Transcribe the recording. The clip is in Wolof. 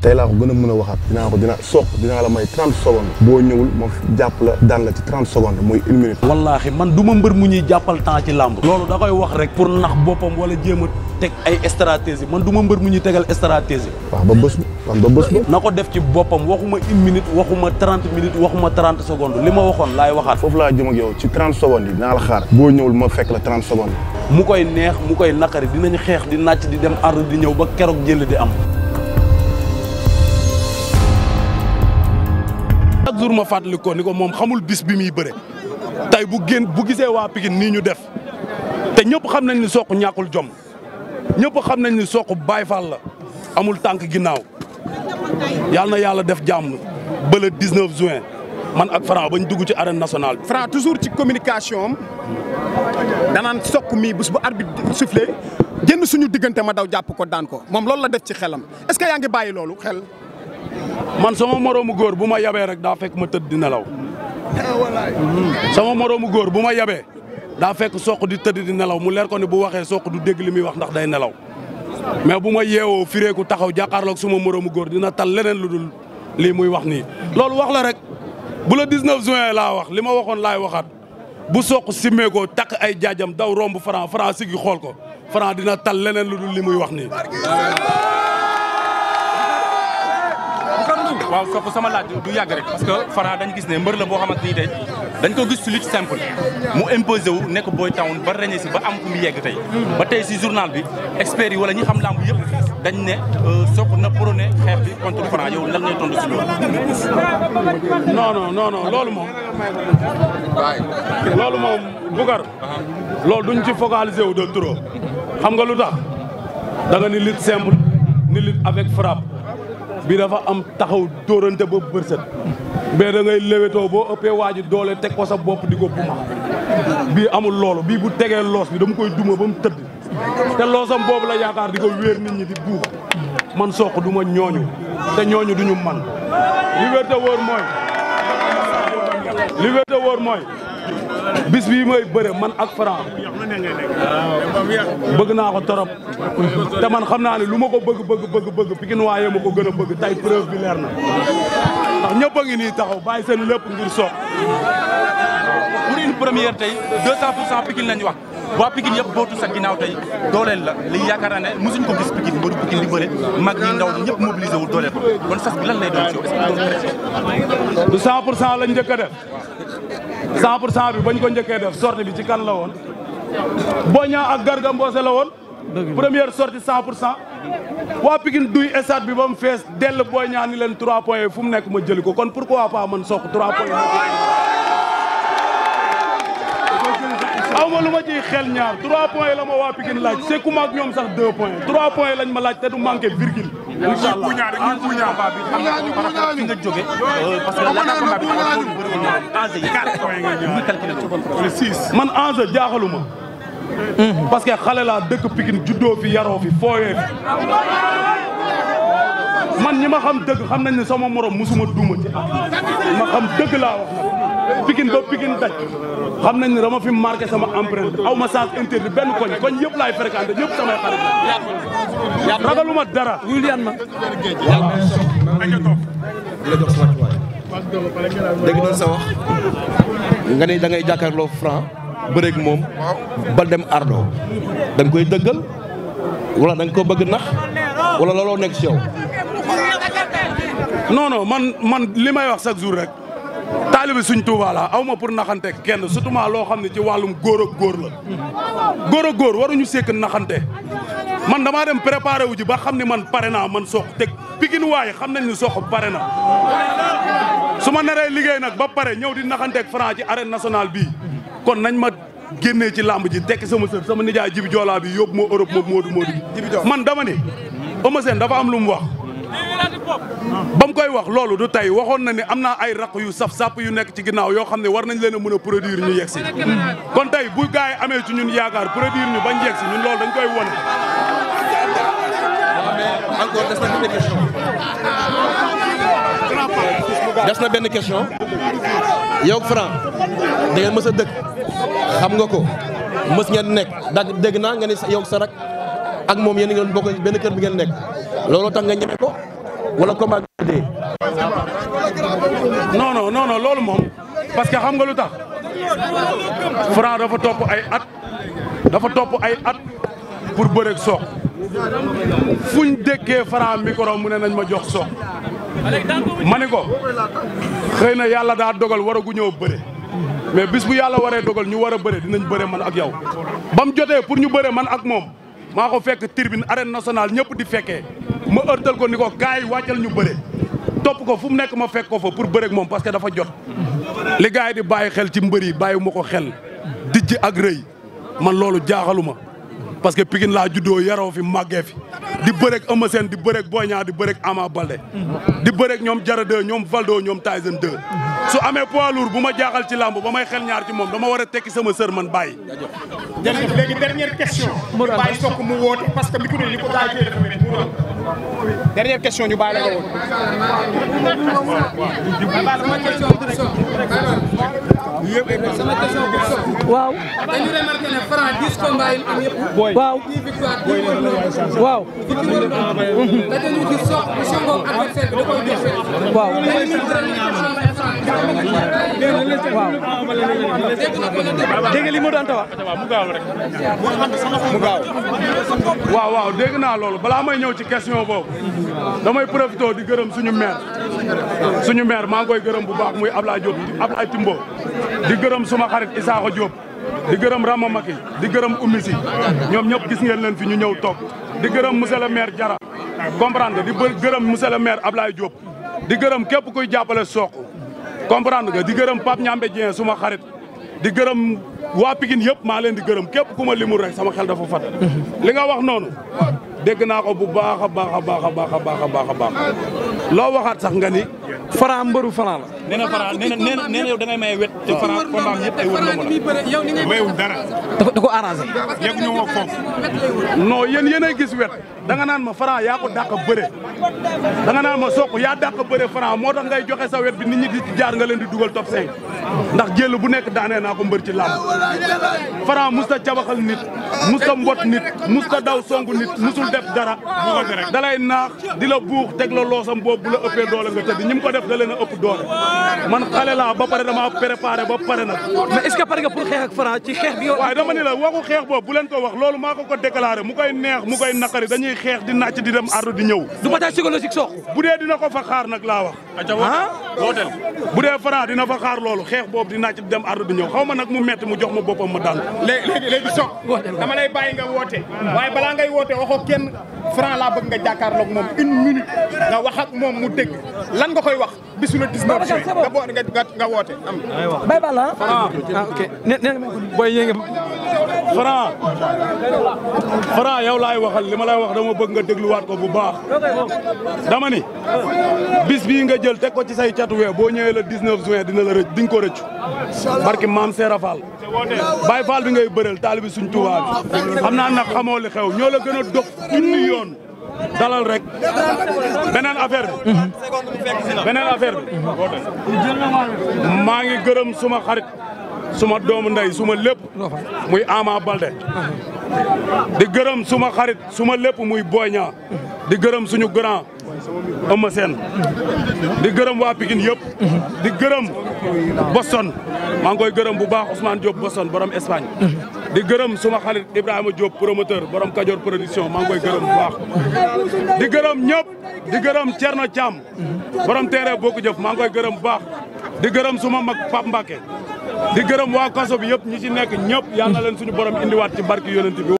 tey laa ko gën a mën a waxaat dinaa ko dina soq dinaa la may 30 secondes boo ñëwul ma jàpp la la ci 30 secondes muy une minute wallaahi man du ma mbër mu ñuy jàppal ci làmb loolu da wax rek pour nax wala jéem teg ay stratégie man du ma mbër mu ñuy tegal stratégie waaw ba bés ba ba bés ba na ko def ci boppam waxuma une minute waxuma 30 minutes waxuma 30 secondes li ma waxoon laay waxaat foofu laa jëm ak yow ci 30 secondes yi dinaa la xaar boo ñëwul ma fekk la 30 secondes mu koy neex mu koy naqari ñu xeex di nàcc di dem ardu di ñëw ba keroog jël di am chaque jour ma fàttali ko ni ko moom xamul bis bi muy bëre tey bu génn bu gisee waa Pikine nii ñu def te ñëpp xam nañ ni Sokh ñàkkul jom ñëpp xam nañ ni Sokh Baay Faal la amul tànk ginnaaw yàlla na yàlla def jàmm ba le 19 juin man ak Franc bañ dugg ci arène nationale bi. toujours ci communication am danaan Sokh mii bés bu arbitre soufflé génn suñu diggante ma daw jàpp ko daan ko moom loolu la def ci xelam est-ce que yaa ngi bàyyi loolu xel. man sama moroomu góor bu ma yabee rek daa fekk ma tëdd di nelaw sama moroomu góor bu ma yabee daa fekk soq di tëdd di nelaw mu leer ko bu waxee soq du dégg muy wax ndax day nelaw mais bu ma yeewoo fireeku taxaw jàkkaarloog suma moroomu góor dina tal leneen lu dul lii muy wax nii loolu wax la rek bu la 19 juin laa wax li ma waxoon laay waxaat bu soq simmeekoo takk ay jaajam daw romb Franc Franc sigi xool ko Franc dina tal leneen lu dul li muy wax nii waaw sopp sama laaj du yàgg rek parce que Fara dañ gis ne mbër la boo xam a ni tey dañ koo gis ci lutte simple mu imposé wu nekk boy town ba ràññee si ba am fu mu yegg tey ba tey si journal bi experts yi wala ñi xam lamb yëpp dañ ne euh, sopp na prôné xeex bi contre Fara yow lan ngay tontu si loolu non loolu moom loolu moom Boucar loolu duñ ci focaliser wu de xam nga lu tax da nga ni lutte avec frappe bi dafa am taxaw dóorante ba bërsët bee da ngay léwétoo boo ëppee waaju doole teg ko sa bopp di ko buma bii amul loolu bii bu tegee loos bi dama koy duma ba mu tëdd te loosam boobu la yaakaar di ko wéer nit ñi di buux man soq du ma ñooñu te ñooñu duñu man li wér te wóor mooy li wér mooy bis bii may bëre man ak Franc bëgg naa ko torop te man xam naa ne lu ma ko bëgg bëgg bëgg bëgg Pikine waaye ma ko gën a bëgg tey preuve bi leer na ndax ñëpp a ngi nii taxaw bàyyi seen lépp ngir soog pour une première tey deux cent pour cent Pikine lañ wax waa Pikine yëpp bootu sa ginnaaw tey dooleel la li yaakaar naa ne mosuñ ko gis Pikine mbaru Pikine li bëre mag ñi ndaw ñëpp mobilisé wu dooleel ko kon sas bi lan lay doon ci yow est-ce que du 100 pour lañ njëkk def cent pour cent bi bañ ko njëkkee def sortie bi ci kan la woon Boy Niang ak Garga Mbossé la woon première sortie cent pour cent waa Pikine duy stade bi ba mu fees dell Boy Niang ni leen trois points fu mu nekk ma jëli ko kon pourquoi pas man soq trois points aw ma lu ma ciy xel ñaar trois points la ma waa Pikine laaj c'est ku ma ak ñoom sax deux points trois points lañ ma laaj te du manqué virgule incha allah ah ñaar bu parce que laata ah, man enjeu jaaxaluma. Hmm. parce que dëkk Pikine juddoo fi yaroo fi fooyee fi. man ñi ma xam dëgg xam nañ ne sama morom musuma duuma ci ma xam dëgg la wax nag. Pikine ba Pikine daj xam nañ ne dama fi marqué sama empreinte aw ma sens interdit benn koñ koñ yëpp laay fréquenté ñëpp samay xarit ragalu ma dara wuy liyan ma dégg noonu sa nga ne da ngay jàkkaarloo franc bëreeg moom ba dem ardo da koy dëggal wala da nga ko bëgg nax wala looloo nekk si yow non man man li may wax chaque jour rek taalibi suñ Touba la aw ma pour naxante kenn surtout loo xam ne ci wàllum góor ak góor góor ak góor waruñu sekk naxante man dama dem préparé wu ji ba xam ne man pare naa man soq teg Pikine waaye xam nañ ni soq pare na su ma naree liggéey nag ba pare ñëw di naxanteeg franc ci arène nationale bii kon nañ ma génnee ci làmb ji tekki sama sër sama nijaay jibi joolaa bi yóbbu moo Europe moom moodu moodu man dama ne Eumeu Sène dafa am lu mu wax ba mu koy wax loolu du tey waxoon na ni am naa ay raq yu saf sàpp yu nekk ci ginnaaw yoo xam ne war nañ leen a mën a produire ñu yegsi kon tey bu gars yi amee ci ñun yaakaar produire ñu bañ yegsi ñun loolu dañ koy wone des na benn question des na Franc da ngeen mës a dëkk xam nga ko mës ngeen nekk dagg dégg naa nga ni yow sa rek ak moom yéen a ngi doon bokk benn kër bi nekk looloo tax nga ñeme ko wala comment dee. non non non loolu moom parce que xam nga lu tax Franc dafa topp ay at dafa topp ay at pour bëreeg Sokh fuñ dékkee Franc micro mu ne nañ ma jox Sokh ma ne ko xëy na yàlla daa dogal war gu ñëw bëre mais bis bu yàlla waree dogal ñu war a bëre dinañ bëre man ak yow ba jotee pour ñu bëre man ak moom. maa ko fekk tribune arène nationale ñëpp di fekkee ma ërtal ko ni ko gars yi wàccal ñu bëre topp ko fu mu nekk ma fekk ko fa pour bëre ak moom parce que dafa jot li yi di bàyyi xel ci mbër yi bàyyi ma ko xel dijj ak rëy man loolu jaaxaluma parce que Pikine laa juddoo yaroo fi màggee fi di bëreeg Eumeu Sène di bëreeg Boy Niang di bëreeg Ama Baldé di bëreeg ñoom Jara ñoom Valdo ñoom Tyson 2 su amee poids lourd bu ma jaaxal ci làmb ba may xel ñaar ci moom dama war a tekki sama sër man bàyyi jërëjëf léegi dernière question ñu bàyyi sokk mu parce que li ko gaa yi dafa ñu bàyyi waaw. dañu remarqué ne Franc 10 combats yi am yëpp. waaw 10 victoire 10 victoire. waaw. dañu gis sox bu songoo adversaire bi da koy joxe. waaw. waaw. dégg li mu doon wax. mu gaaw. waaw waaw dégg naa loolu balaa may ñëw ci question boobu. damay profité di gërëm suñu maire. suñu maire maa ngi koy gërëm bu baax muy Ablaye Diop Ablaye Timbo di gërëm suma xarit Isaaxa Diop di gërëm Rama Maki di gërëm Oumy ñoom ñëpp gis ngeen leen fi ñu ñëw toog di gërëm monsieur le maire Jara comprendre nga di gërëm monsieur le maire Ablaye Diop di gërëm képp kuy jàppale Sokh comprendre nga di gërëm Pape Ñambe Dieng suma xarit di gërëm waa Pikine yëpp maa leen di gërëm képp ku ma limul rek sama xel dafa fat li nga wax noonu dégg naa ko bu baax a baax a baax a baax a baax a baax a baax loo waxaat sax nga ni Franc mbëru Franc la nee na Franc nee na nee na yow da ngay maye wet. te Franc combat am ñëpp ay wër ndombo la. mayewul dara. dafa da ko arrangé. yegguñu woo foofu. non a gis wet. da nga naan ma Franc yaa ko dàq bëre. da naan ma Sokh yaa dàq bëre Franc moo tax ngay joxe sa wet bi nit ñi di jaar nga leen di dugal top ndax jël bu nekk daane naa ko mbër ci làmb. Franc musta cabaxal nit. musta mbot nit. musta daw song nit musul def dara. dalay naax di la buux teg la loosam boobu bu la ëppee doole nga tëdd ñi mu ko def da leen a ëpp doole. man xale laa ba pare dama préparé ba nag. mais est pare nga pour xeex ak Franc ci xeex bi yow. waaye dama ni la waxu xeex boobu bu leen wax loolu maa ko ko déclaré mu koy neex mu koy naqari dañuy xeex di nàcc di dem ardu di ñëw. du bataille psychologique sox. bu dee dina ko fa xaar nag laa wax. ah wooteel bu dee Franc dina fa xaar loolu xeex boobu dina ci dem ardu di ñëw xaw ma nag mu metti mu jox ma boppam ma daan léegi léegi so dama lay bàyyi nga woote waaye balaa ngay woote waxoo kenn Franc laa bëgg nga jàkkaarloog moom une minute nga wax ak moom mu dégg lan nga koy wax bisu le 19 juin nga boot nga nga woote am bay bala ah ok nee nga boy Franc Franc yow laay waxal li ma lay wax dama bëgg nga dégluwaat ko bu baax dama ni bis bi nga jël te ko ci say catuwee boo ñëwee le 19 juin dina la rëcc di nga ko rëccu barki maam Seera Fall Baye Fall bi ngay bëreel taalibi suñ Tuubaa xam naa nag xamoo li xew ñoo la gën a dox junni yoon rek beneen affaire bi affaire maa ngi gërëm suma xarit suma doom ndey suma lépp muy Ama Balde di gërëm suma xarit suma lépp muy Boy di gërëm suñu grand Eumeu Sène di gërëm waa Pikine yëpp di gërëm Boston maa ngi koy gërëm bu baax Ousmane Diop Boston borom Espagne di gërëm suma xarit Ibrahima Diop promoteur borom Kajoor production maa ngi koy gërëm bu baax di gërëm ñëpp di gërëm Thierno Thiam borom teere bokku jëf maa ngi koy gërëm bu baax di gërëm suma mag Pape Mbacke di gërëm waa kaso bi yëpp ñi ci nekk ñëpp yal na suñu borom indiwaat ci barke yonent bi